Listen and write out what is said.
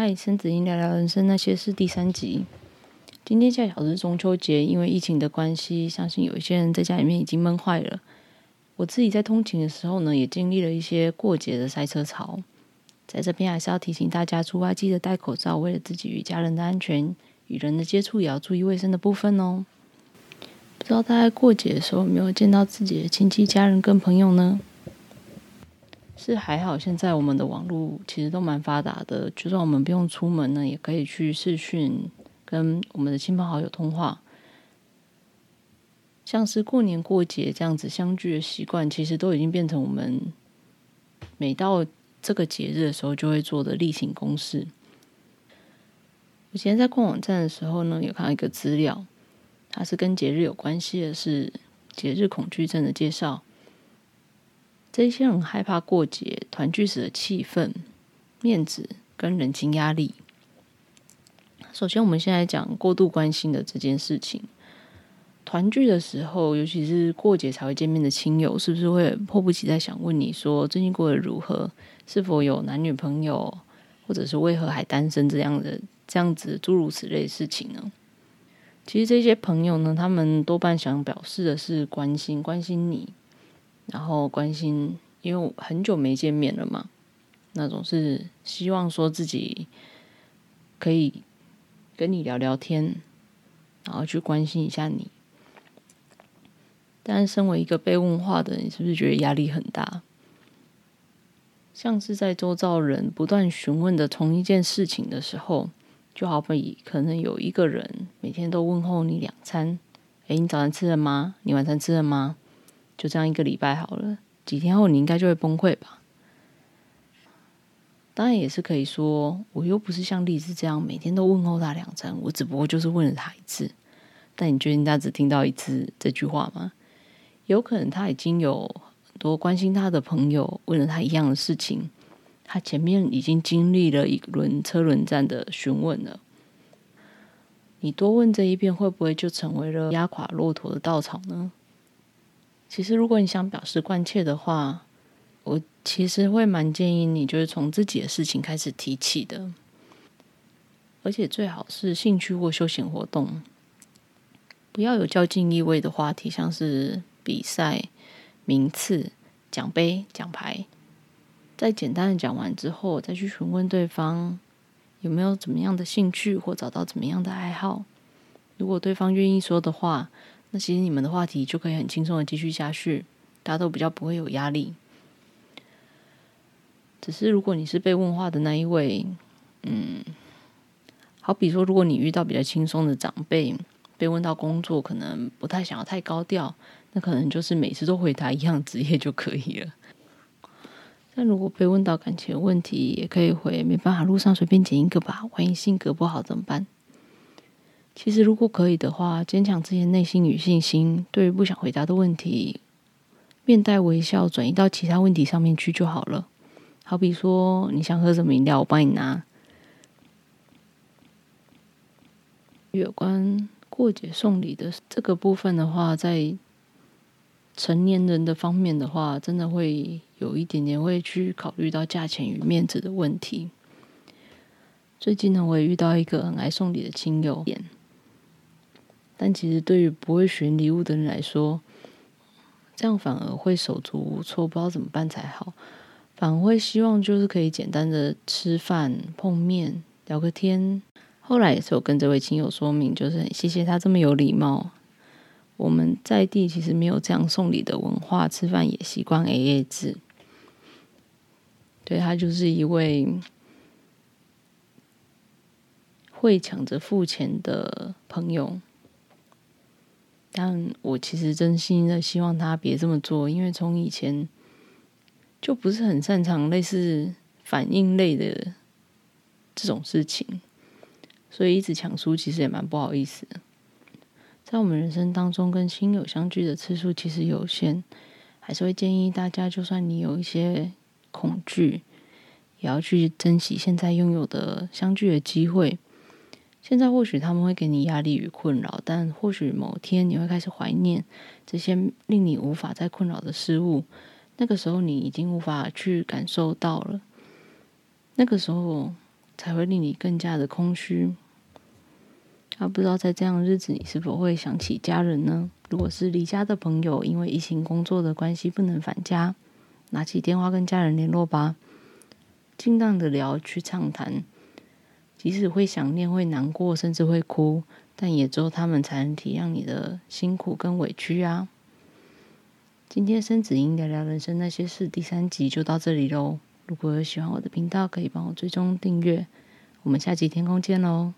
嗨，森紫殷聊聊人生那些事第三集。今天恰巧是中秋節，因為疫情的關係，相信有一些人在家裡面已經悶壞了。我自己在通勤的時候呢，也經歷了一些過節的塞車潮。在這邊還是要提醒大家，出發記得戴口罩，為了自己與家人的安全，與人的接觸也要注意衛生的部分哦。不知道大家過節的時候有沒有見到自己的親戚、家人跟朋友呢？是還好，現在我們的網絡其實都蠻發達的，就算我們不用出門呢，也可以去視訊跟我們的親朋好友通話。像是過年過節這樣子相聚的習慣，其實都已經變成我們每到這個節日的時候就會做的例行公事。我今天在逛網站的時候呢，有看到一個資料，它是跟節日有關係的，是節日恐懼症的介紹。這些人害怕過節團聚時的氣氛、面子跟人情壓力。首先，我們先來講過度關心的這件事情。團聚的時候，尤其是過節才會見面的親友，是不是會迫不及待想問你說最近過得如何？是否有男女朋友，或者是為何還單身？這樣的，這樣子諸如此類的事情呢？其實這些朋友呢，他們多半想表示的是關心，關心你。然後關心，因為我很久沒見面了嘛，那總是希望說自己可以跟你聊聊天，然後去關心一下你。但身為一個被問話的人，你是不是覺得壓力很大？像是在周遭人不斷詢問的同一件事情的時候，就好比可能有一個人每天都問候你兩餐，誒，你早餐吃了嗎？你晚餐吃了嗎？就這樣一個禮拜好了，幾天後你應該就會崩潰吧？當然也是可以說，我又不是像麗枝這樣每天都問候他兩聲，我只不過就是問了他一次。但你覺得人家只聽到一次這句話嗎？有可能他已經有很多關心他的朋友問了他一樣的事情，他前面已經經歷了一輪車輪戰的詢問了。你多問這一遍，會不會就成為了壓垮駱駝的稻草呢？其實，如果你想表示關切的話，我其實會蠻建議你，就是從自己的事情開始提起的，而且最好是興趣或休閒活動，不要有較勁意味的話題，像是比賽、名次、獎盃、獎牌。在簡單的講完之後，再去詢問對方有沒有怎麼樣的興趣或找到怎麼樣的愛好。如果對方願意說的話。那其實你們的話題就可以很輕鬆的繼續下去，大家都比較不會有壓力。只是如果你是被問話的那一位，嗯，好比說，如果你遇到比較輕鬆的長輩，被問到工作，可能不太想要太高調，那可能就是每次都回答一樣職業就可以了。但如果被問到感情問題，也可以回，沒辦法，路上隨便撿一個吧。萬一性格不好怎麼辦？其實，如果可以的話，堅強自己的內心與信心，對於不想回答的問題，面帶微笑轉移到其他問題上面去就好了。好比說，你想喝什麼飲料，我幫你拿。有關過節送禮的這個部分的話，在成年人的方面的話，真的會有一點點會去考慮到價錢與面子的問題。最近呢，我也遇到一個很愛送禮的親友點。但其實對於不會選禮物的人來說，這樣反而會手足無措，不知道怎麼辦才好，反而會希望就是可以簡單的吃飯、碰面、聊個天。後來也是有跟這位親友說明，就是很謝謝他這麼有禮貌。我們在地其實沒有這樣送禮的文化，吃飯也習慣 AA 制。對，他就是一位會搶着付錢的朋友。但我其實真心的希望他別這麼做，因為從以前就不是很擅長類似反應類的這種事情，所以一直搶輸其實也蠻不好意思。在我們人生當中，跟親友相聚的次數其實有限，還是會建議大家，就算你有一些恐懼，也要去珍惜現在擁有的相聚的機會。現在或許他們會給你壓力與困擾，但或許某天你會開始懷念這些令你無法再困擾的事物。那個時候你已經無法去感受到了，那個時候才會令你更加的空虛。我、啊、不知道在這樣的日子，你是否會想起家人呢？如果是離家的朋友，因為疫情工作的關係不能返家，拿起電話跟家人聯絡吧，盡量的聊去暢談。即使會想念、會難過，甚至會哭，但也只有他們才能體諒你的辛苦跟委屈啊！今天森紫殷聊聊人生那些事第三集就到這裡嘍。如果有喜歡我的頻道，可以幫我追蹤訂閱，我們下集天空見嘍。